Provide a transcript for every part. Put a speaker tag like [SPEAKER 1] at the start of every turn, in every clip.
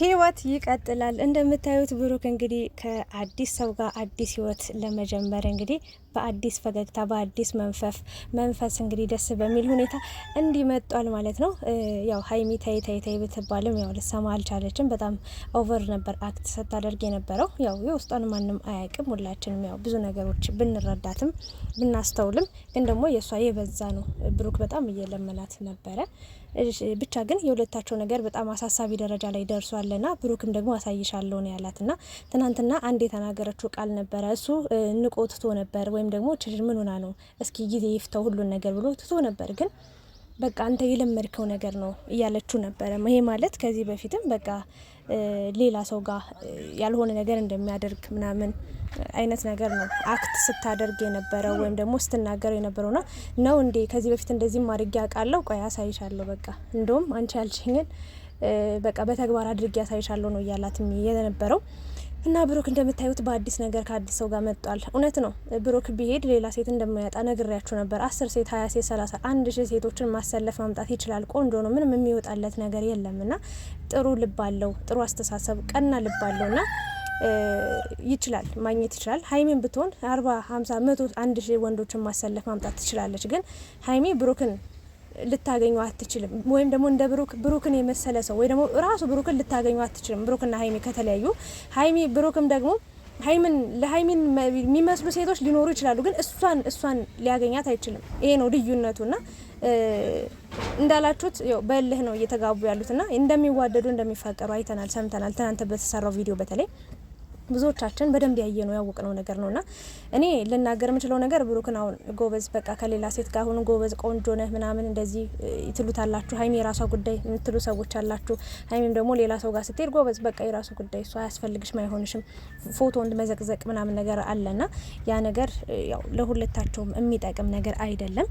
[SPEAKER 1] ህይወት ይቀጥላል። እንደምታዩት ብሩክ እንግዲህ ከአዲስ ሰው ጋር አዲስ ህይወት ለመጀመር እንግዲህ በአዲስ ፈገግታ በአዲስ መንፈፍ መንፈስ እንግዲህ ደስ በሚል ሁኔታ እንዲመጧል ማለት ነው። ያው ሀይሚ ታይ ብትባልም ያው ልሰማ አልቻለችም። በጣም ኦቨር ነበር አክት ስታደርግ የነበረው። ያው የውስጧን ማንም አያውቅም። ሁላችንም ያው ብዙ ነገሮች ብንረዳትም ብናስተውልም ግን ደግሞ የእሷ የበዛ ነው። ብሩክ በጣም እየለመናት ነበረ። ብቻ ግን የሁለታቸው ነገር በጣም አሳሳቢ ደረጃ ላይ ደርሷልና ብሩክም ደግሞ አሳይሻለሁ ነው ያላትና ትናንትና አንድ የተናገረችው ቃል ነበረ። እሱ ንቆ ትቶ ነበር፣ ወይም ደግሞ ችል ምን ሆና ነው እስኪ ጊዜ ይፍተው ሁሉን ነገር ብሎ ትቶ ነበር ግን በቃ አንተ የለመድከው ነገር ነው እያለችው ነበረ። ይሄ ማለት ከዚህ በፊትም በቃ ሌላ ሰው ጋር ያልሆነ ነገር እንደሚያደርግ ምናምን አይነት ነገር ነው አክት ስታደርግ የነበረው ወይም ደግሞ ስትናገር የነበረው ና ነው እንዴ? ከዚህ በፊት እንደዚህ ማድርግ ያውቃለሁ። ቆይ አሳይሻለሁ። በቃ እንደውም አንቺ ያልሽኝን በቃ በተግባር አድርጌ ያሳይሻለሁ ነው እያላት የነበረው። እና ብሩክ እንደምታዩት በአዲስ ነገር ከአዲስ ሰው ጋር መጥጧል እውነት ነው ብሩክ ቢሄድ ሌላ ሴት እንደማያጣ ነግሬያችሁ ነበር። አስር ሴት፣ ሀያ ሴት፣ ሰላሳ አንድ ሺህ ሴቶችን ማሰለፍ ማምጣት ይችላል። ቆንጆ ነው፣ ምንም የሚወጣለት ነገር የለም። ና ጥሩ ልብ አለው፣ ጥሩ አስተሳሰብ፣ ቀና ልብ አለው ና ይችላል ማግኘት ይችላል። ሀይሜን ብትሆን አርባ ሀምሳ መቶ አንድ ሺህ ወንዶችን ማሰለፍ ማምጣት ትችላለች። ግን ሀይሜ ብሩክን ልታገኘው አትችልም። ወይም ደግሞ እንደ ብሩክ ብሩክን የመሰለ ሰው ወይ ደግሞ ራሱ ብሩክን ልታገኘው አትችልም። ብሩክና ሀይሚ ከተለያዩ ሀይሚ ብሩክም ደግሞ ሀይምን ለሀይሚን የሚመስሉ ሴቶች ሊኖሩ ይችላሉ፣ ግን እሷን እሷን ሊያገኛት አይችልም። ይሄ ነው ና እንዳላችሁት በልህ ነው እየተጋቡ ያሉትና እንደሚዋደዱ እንደሚፋቀሩ አይተናል፣ ሰምተናል። ትናንት በተሰራው ቪዲዮ በተለይ ብዙዎቻችን በደንብ ያየነው ያወቅነው ነገር ነውና እኔ ልናገር የምችለው ነገር ብሩክን አሁን ጎበዝ፣ በቃ ከሌላ ሴት ጋር አሁን ጎበዝ፣ ቆንጆ ነህ ምናምን እንደዚህ ትሉታላችሁ። ሀይሚ የራሷ ጉዳይ የምትሉ ሰዎች አላችሁ። ሀይሚም ደግሞ ሌላ ሰው ጋር ስትሄድ ጎበዝ፣ በቃ የራሱ ጉዳይ እሷ አያስፈልግሽም፣ አይሆንሽም፣ ፎቶ መዘቅዘቅ ምናምን ነገር አለና ያ ነገር ያው ለሁለታቸውም የሚጠቅም ነገር አይደለም።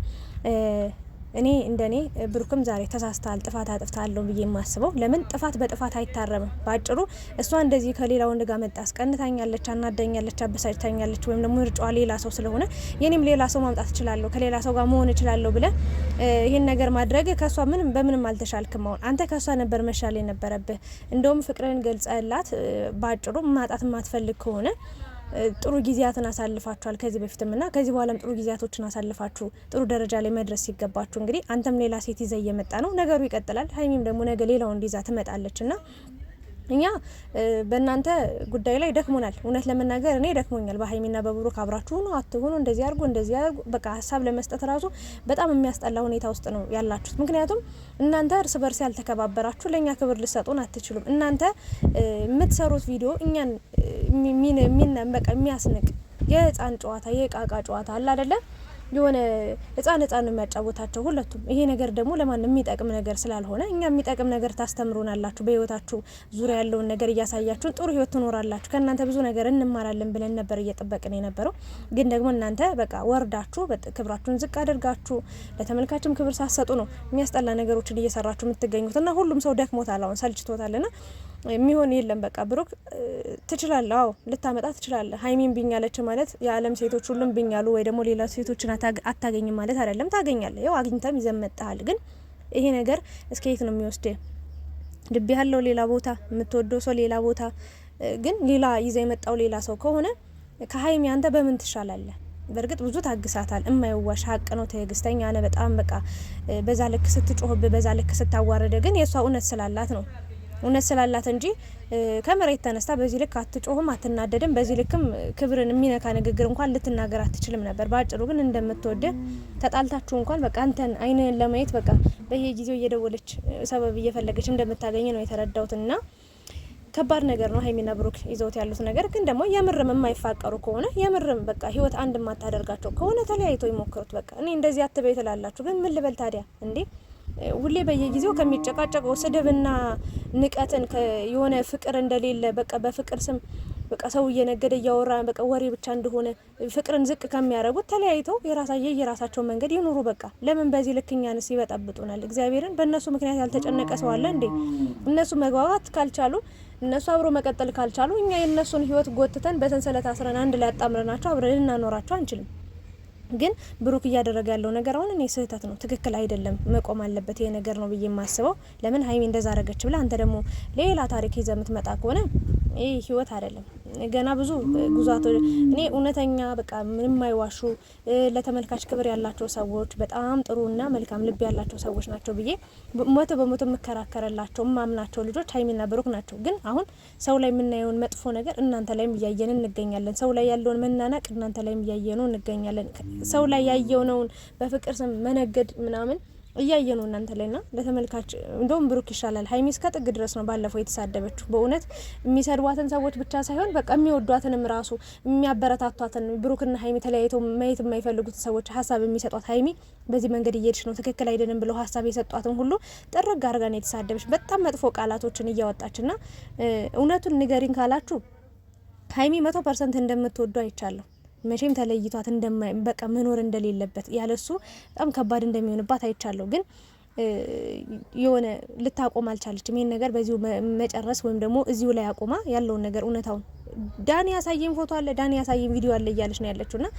[SPEAKER 1] እኔ እንደኔ ብሩክም ዛሬ ተሳስታል ጥፋት አጥፍታለሁ ብዬ የማስበው ለምን ጥፋት በጥፋት አይታረምም። ባጭሩ እሷ እንደዚህ ከሌላ ወንድ ጋር መጣ አስቀንታኛለች፣ አናዳኛለች፣ አበሳጭታኛለች ወይም ደግሞ ምርጫዋ ሌላ ሰው ስለሆነ የኔም ሌላ ሰው ማምጣት እችላለሁ፣ ከሌላ ሰው ጋር መሆን እችላለሁ ብለ ይህን ነገር ማድረግ ከእሷ ምንም በምንም አልተሻልክም። አሁን አንተ ከእሷ ነበር መሻል የነበረብህ። እንደውም ፍቅርን ገልጸላት። በአጭሩ ማጣት የማትፈልግ ከሆነ ጥሩ ጊዜያትን አሳልፋችኋል ከዚህ በፊትም እና ከዚህ በኋላም ጥሩ ጊዜያቶችን አሳልፋችሁ ጥሩ ደረጃ ላይ መድረስ ሲገባችሁ እንግዲህ አንተም ሌላ ሴት ይዘ እየመጣ ነው ነገሩ ይቀጥላል። ሀይሚም ደግሞ ነገ ሌላውን ይዛ ትመጣለች እና እኛ በእናንተ ጉዳይ ላይ ደክሞናል። እውነት ለመናገር እኔ ደክሞኛል። በሀይሚና በብሩክ አብራችሁ ሁኑ አትሁኑ፣ እንደዚህ አድርጉ፣ እንደዚህ አድርጉ፣ በቃ ሀሳብ ለመስጠት ራሱ በጣም የሚያስጠላ ሁኔታ ውስጥ ነው ያላችሁት። ምክንያቱም እናንተ እርስ በርስ ያልተከባበራችሁ ለእኛ ክብር ልሰጡን አትችሉም። እናንተ የምትሰሩት ቪዲዮ እኛን የሚያስንቅ የህፃን ጨዋታ የቃቃ ጨዋታ አለ አደለም? የሆነ ህጻን ህጻን የሚያጫወታቸው ሁለቱም። ይሄ ነገር ደግሞ ለማንም የሚጠቅም ነገር ስላልሆነ እኛ የሚጠቅም ነገር ታስተምሩናላችሁ፣ በህይወታችሁ ዙሪያ ያለውን ነገር እያሳያችሁን ጥሩ ህይወት ትኖራላችሁ፣ ከእናንተ ብዙ ነገር እንማራለን ብለን ነበር እየጠበቅን የነበረው። ግን ደግሞ እናንተ በቃ ወርዳችሁ ክብራችሁን ዝቅ አድርጋችሁ ለተመልካችም ክብር ሳሰጡ ነው የሚያስጠላ ነገሮችን እየሰራችሁ የምትገኙት እና ሁሉም ሰው ደክሞታል፣ አሁን ሰልችቶታል ና የሚሆን የለም። በቃ ብሩክ ትችላለህ፣ አዎ ልታመጣ ትችላለህ። ሀይሚን ብኛለች ማለት የዓለም ሴቶች ሁሉም ብኛሉ ወይ ደግሞ ሌላ ሴቶችን አታገኝም ማለት አይደለም። ታገኛለህ፣ ያው አግኝተም ይዘመጣሃል። ግን ይሄ ነገር እስከ የት ነው የሚወስድ? ልብ ያለው ሌላ ቦታ፣ የምትወደው ሰው ሌላ ቦታ፣ ግን ሌላ ይዘ የመጣው ሌላ ሰው ከሆነ ከሀይሚ አንተ በምን ትሻላለህ? በእርግጥ ብዙ ታግሳታል። እማይዋሽ ሀቅ ነው። ትዕግስተኛ ነ በጣም በቃ በዛ ልክ ስትጮህብ፣ በዛ ልክ ስታዋረደ፣ ግን የእሷ እውነት ስላላት ነው እውነት ስላላት እንጂ ከመሬት ተነስታ በዚህ ልክ አትጮህም፣ አትናደድም። በዚህ ልክም ክብርን የሚነካ ንግግር እንኳን ልትናገር አትችልም ነበር። በአጭሩ ግን እንደምትወድ ተጣልታችሁ እንኳን በቃ አንተን አይንን ለማየት በቃ በየጊዜው እየደወለች ሰበብ እየፈለገች እንደምታገኝ ነው የተረዳሁት እና ከባድ ነገር ነው ሀይሚና ብሩክ ይዘውት ያሉት ነገር። ግን ደግሞ የምርም የማይፋቀሩ ከሆነ የምርም በቃ ህይወት አንድ የማታደርጋቸው ከሆነ ተለያይቶ ይሞክሩት። በቃ እኔ እንደዚህ አትበይ ትላላችሁ፣ ግን ምን ልበል ታዲያ እንዴ? ሁሌ በየጊዜው ከሚጨቃጨቀው ስድብና ንቀትን የሆነ ፍቅር እንደሌለ በቃ በፍቅር ስም በቃ ሰው እየነገደ እያወራ በቃ ወሬ ብቻ እንደሆነ ፍቅርን ዝቅ ከሚያደርጉት ተለያይተው የራሳየ የራሳቸው መንገድ ይኑሩ። በቃ ለምን በዚህ ልክ እኛንስ ይበጣብጡናል? እግዚአብሔርን በእነሱ ምክንያት ያልተጨነቀ ሰው አለ እንዴ? እነሱ መግባባት ካልቻሉ፣ እነሱ አብሮ መቀጠል ካልቻሉ፣ እኛ የእነሱን ህይወት ጎትተን በሰንሰለት አስረን አንድ ላይ አጣምረናቸው አብረን ልናኖራቸው አንችልም። ግን ብሩክ እያደረገ ያለው ነገር አሁን እኔ ስህተት ነው፣ ትክክል አይደለም፣ መቆም አለበት ይሄ ነገር ነው ብዬ የማስበው። ለምን ሀይሚ እንደዛ አረገች ብላ አንተ ደግሞ ሌላ ታሪክ ይዘህ የምትመጣ ከሆነ ይህ ህይወት አይደለም። ገና ብዙ ጉዛቶ እኔ እውነተኛ በቃ ምንም አይዋሹ ለተመልካች ክብር ያላቸው ሰዎች በጣም እና መልካም ልብ ያላቸው ሰዎች ናቸው ብዬ መቶ በመቶ የምከራከርላቸው ማምናቸው ልጆች ሀይሚና ብሩክ ናቸው። ግን አሁን ሰው ላይ የምናየውን መጥፎ ነገር እናንተ ላይም እያየን እንገኛለን። ሰው ላይ ያለውን መናናቅ እናንተ ላይም እያየኑ እንገኛለን። ሰው ላይ ያየውነውን በፍቅር ስም መነገድ ምናምን እያየ ነው እናንተ ላይ ና ለተመልካች እንደውም ብሩክ ይሻላል። ሀይሚ እስከ ጥግ ድረስ ነው ባለፈው የተሳደበችው። በእውነት የሚሰድቧትን ሰዎች ብቻ ሳይሆን በቃ የሚወዷትንም ራሱ የሚያበረታቷትን ብሩክና ሀይሚ ተለያይተው ማየት የማይፈልጉትን ሰዎች ሀሳብ የሚሰጧት ሀይሚ በዚህ መንገድ እየሄድሽ ነው ትክክል አይደለም ብለው ሀሳብ የሰጧትን ሁሉ ጥርግ አድርጋ ነው የተሳደበች። በጣም መጥፎ ቃላቶችን እያወጣች ና እውነቱን ንገሪን ካላችሁ ሀይሚ መቶ ፐርሰንት እንደምትወዱ አይቻለሁ። መቼም ተለይቷት እንደማይ በቃ መኖር እንደሌለበት ያለሱ በጣም ከባድ እንደሚሆንባት አይቻለሁ። ግን የሆነ ልታቆም አልቻለችም ይህን ነገር በዚሁ መጨረስ ወይም ደግሞ እዚሁ ላይ አቆማ ያለውን ነገር እውነታውን ዳኒ ያሳየኝ ፎቶ አለ፣ ዳኒ ያሳየኝ ቪዲዮ አለ እያለች ነው ያለችው። ና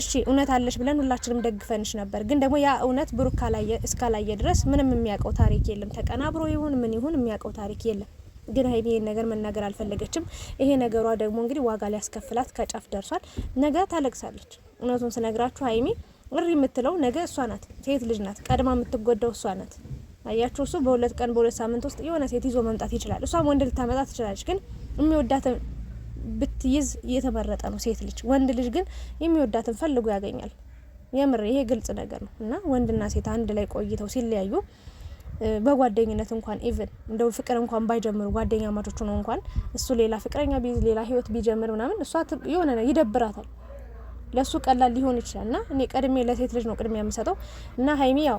[SPEAKER 1] እሺ እውነት አለች ብለን ሁላችንም ደግፈንሽ ነበር። ግን ደግሞ ያ እውነት ብሩክ እስካላየ ድረስ ምንም የሚያውቀው ታሪክ የለም። ተቀናብሮ ይሁን ምን ይሁን የሚያውቀው ታሪክ የለም። ግን ሀይሚ ይህን ነገር መናገር አልፈለገችም። ይሄ ነገሯ ደግሞ እንግዲህ ዋጋ ሊያስከፍላት ከጫፍ ደርሷል። ነገ ታለቅሳለች። እውነቱን ስነግራችሁ ሀይሚ እሪ የምትለው ነገ እሷ ናት። ሴት ልጅ ናት። ቀድማ የምትጎዳው እሷ ናት። አያችሁ፣ እሱ በሁለት ቀን በሁለት ሳምንት ውስጥ የሆነ ሴት ይዞ መምጣት ይችላል። እሷም ወንድ ልታመጣ ትችላለች። ግን የሚወዳትን ብትይዝ እየተመረጠ ነው ሴት ልጅ። ወንድ ልጅ ግን የሚወዳትን ፈልጎ ያገኛል። የምር ይሄ ግልጽ ነገር ነው እና ወንድና ሴት አንድ ላይ ቆይተው ሲለያዩ በጓደኝነት እንኳን ኢቭን እንደው ፍቅር እንኳን ባይጀምሩ ጓደኛ ማቾቹ ነው እንኳን እሱ ሌላ ፍቅረኛ ቢይዝ ሌላ ህይወት ቢጀምር ምናምን እሷ የሆነ ነው ይደብራታል። ለሱ ቀላል ሊሆን ይችላል እና እኔ ቀድሜ ለሴት ልጅ ነው ቅድሚያ የምሰጠው እና ሀይሚ ያው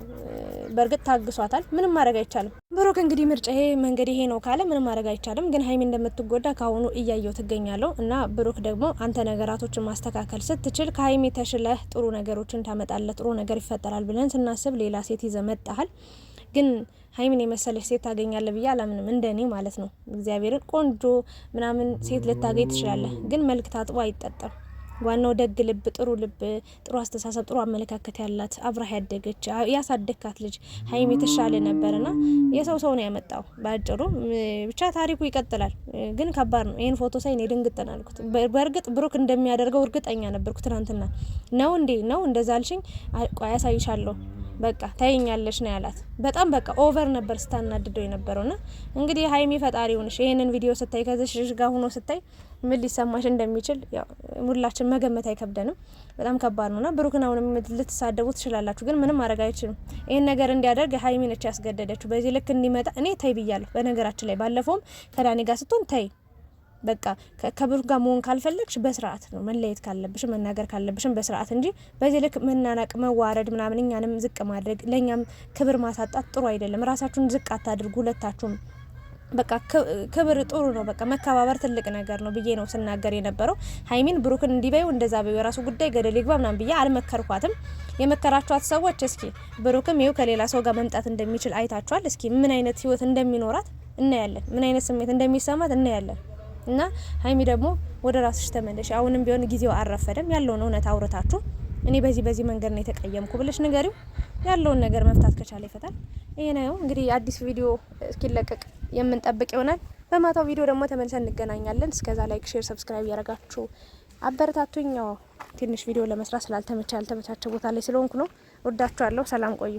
[SPEAKER 1] በእርግጥ ታግሷታል። ምንም ማድረግ አይቻልም። ብሩክ እንግዲህ ምርጫ ይሄ መንገድ ይሄ ነው ካለ ምንም ማድረግ አይቻልም። ግን ሀይሚ እንደምትጎዳ ከአሁኑ እያየው ትገኛለሁ እና ብሩክ ደግሞ አንተ ነገራቶችን ማስተካከል ስትችል ከሀይሚ ተሽለህ ጥሩ ነገሮችን ታመጣለህ፣ ጥሩ ነገር ይፈጠራል ብለን ስናስብ ሌላ ሴት ይዘህ መጣሃል። ግን ሀይሚን የመሰለች ሴት ታገኛለ ብዬ አላምንም። እንደኔ ማለት ነው። እግዚአብሔርን ቆንጆ ምናምን ሴት ልታገኝ ትችላለህ፣ ግን መልክ ታጥቦ አይጠጣም። ዋናው ደግ ልብ፣ ጥሩ ልብ፣ ጥሩ አስተሳሰብ፣ ጥሩ አመለካከት ያላት አብራህ ያደገች ያሳደግካት ልጅ ሀይሚ የተሻለ ነበርና የሰው ሰው ነው ያመጣው። በአጭሩ ብቻ ታሪኩ ይቀጥላል፣ ግን ከባድ ነው። ይህን ፎቶ ሳይ እኔ ድንግጥን አልኩት። በእርግጥ ብሩክ እንደሚያደርገው እርግጠኛ ነበርኩ። ትናንትና ነው እንዴ ነው እንደዛ አልሽኝ፣ ቆይ በቃ ታይኛለሽ ነው ያላት። በጣም በቃ ኦቨር ነበር ስታናድደው የነበረውና እንግዲህ ሀይሚ ፈጣሪ ሆንሽ። ይህንን ቪዲዮ ስታይ ከዚሽ ጋር ሆኖ ስታይ ምን ሊሰማሽ እንደሚችል ሁላችን መገመት አይከብደንም። በጣም ከባድ ነውና ብሩክን አሁንም ልትሳደቡ ትችላላችሁ፣ ግን ምንም ማድረግ አይችልም። ይህን ነገር እንዲያደርግ ሀይሚ ነች ያስገደደችው። በዚህ ልክ እንዲመጣ እኔ ተይ ብያለሁ። በነገራችን ላይ ባለፈውም ከዳኒ ጋር ስትሆን ተይ በቃ ከብሩ ጋር መሆን ካልፈለግሽ በስርዓት ነው መለየት ካለብሽ መናገር ካለብሽም በስርዓት እንጂ በዚህ ልክ መናናቅ፣ መዋረድ ምናምን እኛንም ዝቅ ማድረግ ለእኛም ክብር ማሳጣት ጥሩ አይደለም። ራሳችሁን ዝቅ አታድርጉ ሁለታችሁም። በቃ ክብር ጥሩ ነው። በቃ መከባበር ትልቅ ነገር ነው ብዬ ነው ስናገር የነበረው። ሀይሚን ብሩክን እንዲበዩ እንደዛ በዩ የራሱ ጉዳይ ገደል ይግባ ምናምን ብዬ አልመከርኳትም። የመከራችኋት ሰዎች እስኪ ብሩክም ይኸው ከሌላ ሰው ጋር መምጣት እንደሚችል አይታችኋል። እስኪ ምን አይነት ህይወት እንደሚኖራት እናያለን። ምን አይነት ስሜት እንደሚሰማት እናያለን። እና ሀይሚ ደግሞ ወደ ራስሽ ተመለሽ። አሁንም ቢሆን ጊዜው አረፈደም። ያለውን እውነት አውርታችሁ እኔ በዚህ በዚህ መንገድ ነው የተቀየምኩ ብለሽ ንገሪው። ያለውን ነገር መፍታት ከቻለ ይፈታል። ይሄ ነው እንግዲህ አዲስ ቪዲዮ እስኪለቀቅ የምንጠብቅ ይሆናል። በማታው ቪዲዮ ደግሞ ተመልሰን እንገናኛለን። እስከዛ ላይክ፣ ሼር፣ ሰብስክራይብ እያረጋችሁ አበረታቱኝ። ትንሽ ቪዲዮ ለመስራት ስላልተመቻ ያልተመቻቸው ቦታ ላይ ስለሆንኩ ነው። ወዳችኋለሁ። ሰላም ቆዩ።